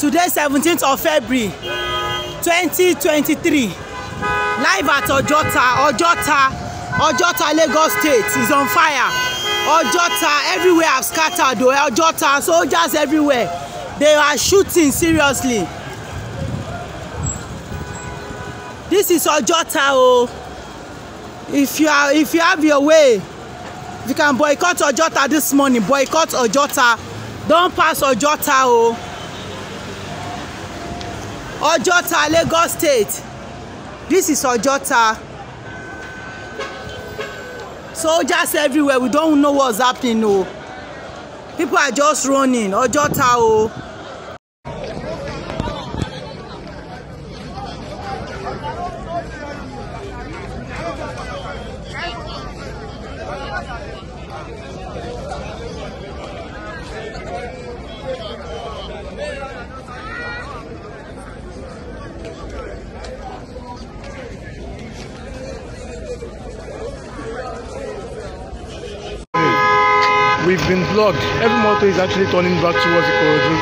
today seventeenth of february twenty twenty three live at ojota ojota ojota lagos state is on fire ojota everywhere have scattered o oh, ojota soldiers everywhere they are shooting seriously this is ojota o oh. if you are if you have your way you can boycott ojota this morning boycott ojota don pass ojota o. Oh. Ojota Lagos State this is Ojota soldiers everywhere we don't know what's happening o oh. people are just running Ojota o. Oh. we've been blocked. Every motor is actually turning back towards Ikorodu.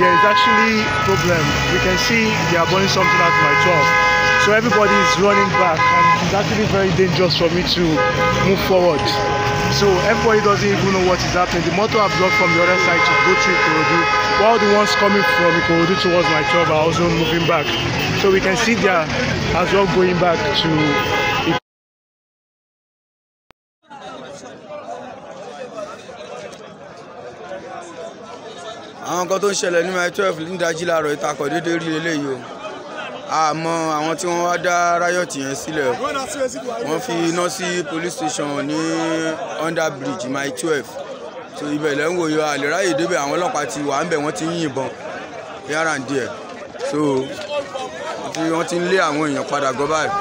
There is actually problem. You can see they are burning something at my truck. So everybody is running back and it's actually very dangerous for me to move forward. So everybody doesn't even know what is happening. The motor are blocked from the other side to go to Ikorodu while the ones coming from Ikorodu towards my truck are also moving back. So we can see they are as well going back to àwọn nǹkan tó ń ṣẹlẹ̀ ní my twelve ní ìdájí láàárọ̀ ìtakọ̀ dédé rí eléyìí o àmọ́ àwọn tí wọ́n wá dá riot yẹn sílẹ̀ wọ́n fi iná sí police station ní under bridge my twelve so ibẹ̀ lẹ́ ń wò yọ àlèráyè débẹ̀ àwọn ọlọ́pàá ti wà ń bẹ̀ wọ́n ti ń yìnbọn yàrá díẹ̀ so wọ́n ti ń lé àwọn èèyàn padà gọ́ báyìí.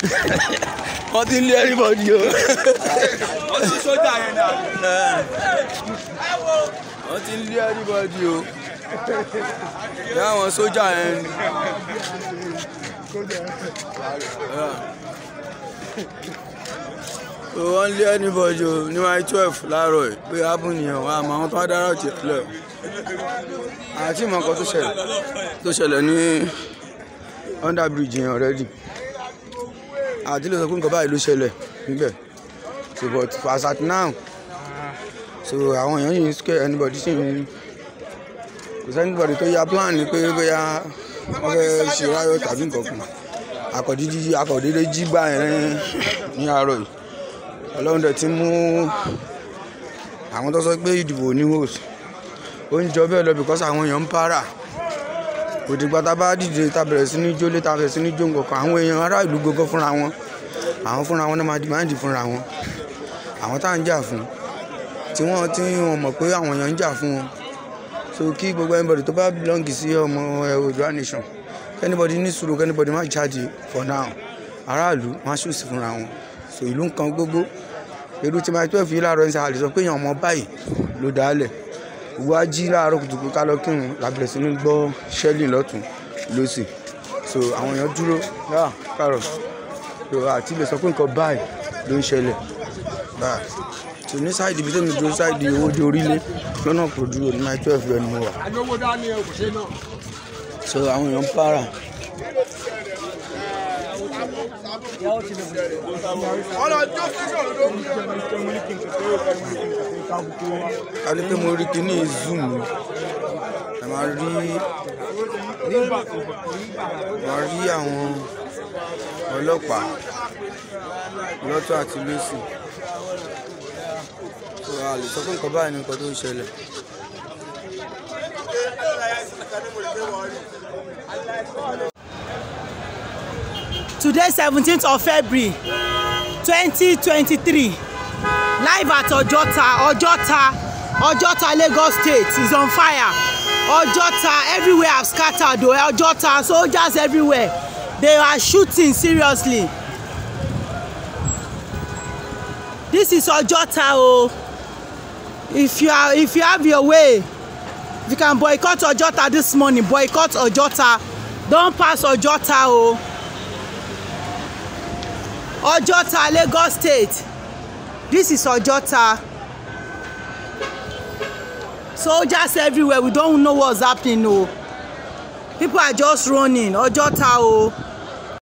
wọ́n ti ń lé everybody o. wọ́n ti sójà yẹn náà. wọ́n ti Yeah, lé everybody o. ní àwọn sójà yẹn ni. o wọ́n lé everybody o ní wáyé twelve láàárọ̀ yìí pé ábùn nìyẹn wọn àmọ́ àwọn tó wá dára ọ̀jẹ̀ lẹ̀ àti ìmọ̀ nǹkan tó ṣẹlẹ̀ tó ṣẹlẹ̀ ní under bridge yẹn already. I lè sọ pé nǹkan báyìí ló so but as at now so I want yìí to scare anybody sí ìrìn kò sẹ́nibọ̀dì tó ya plan ni pé bóyá wọ́n fẹ́ ṣe ráyọ̀ tàbí nǹkan kan àkọ̀dídí àkọ̀dédé jí gbà yẹn ní àárọ̀ yìí ọlọ́run dẹ̀ ti I àwọn to sọ pé ìdìbò ní host ó ń because àwọn èèyàn ń para kò dìgbà tá a bá dìde tá a bẹ̀rẹ̀ sí ní jólé tá a bẹ̀rẹ̀ sí ní jó nǹkan kan àwọn èèyàn ará ìlú gangan fúnra wọn àwọn fúnra wọn náà máa dìmáàdì fúnra wọn àwọn tá à ń jà fún tí wọ́n ti wọ́n mọ̀ pé àwọn èèyàn ń jà fún wọn so kí gbogbo anybody tó bá belong sí ọmọ Oòduà nation kẹ́nìbọ̀dì ní sùúrù kẹ́nìbọ̀dì má jáde for now aráàlú wọn á ṣòsì fúnra wọn so ìlú nǹkan gbogbo èrú ti máa tó ẹ̀fọ́ yìí láàárọ̀ ẹ̀ ń sá sọ pé èèyàn ọmọ báyìí ló dálẹ̀ gbogbo jí láàárọ̀ kùtùkùtù ká lọ kírun làbẹ̀rẹ̀ sí ní gbọ́ ṣẹ́lì lọ́tún lọ́sì so àwọn èèyàn dúró yà kárọ̀ so àti lè sọ pé nǹkan báyìí ló ń ṣẹlẹ̀ báyìí so ní sáìdì ibi tẹ́mi dúró sáìdì owó di orílẹ̀ lọ́nà pòdúró ní máa twelve rẹ̀ ni mo wà so àwọn èèyàn para. Ọ̀rọ̀ ọjọ́ fún ìṣòro ló ń bí ọ̀rọ̀ ìṣòro a rí mo rí kíní zoom a máa rí máa rí àwọn ọlọ́pàá lọ́tọ̀ àti lósì tó a lè sọ pé nǹkan báyìí ni nǹkan tó ń ṣẹlẹ̀. Today, 17th of February, 2023 live at Ojota Ojota Ojota Lagos State is on fire Ojota everywhere have scattered o oh, Ojota soldiers everywhere they are shooting seriously this is Ojota Oh, if you are if you have your way you can boycott Ojota this morning boycott Ojota Don't pass Ojota Oh, Ojota Lagos State this is Ojota soldiers everywhere we don't know what's happening o oh. people are just running Ojota Oh.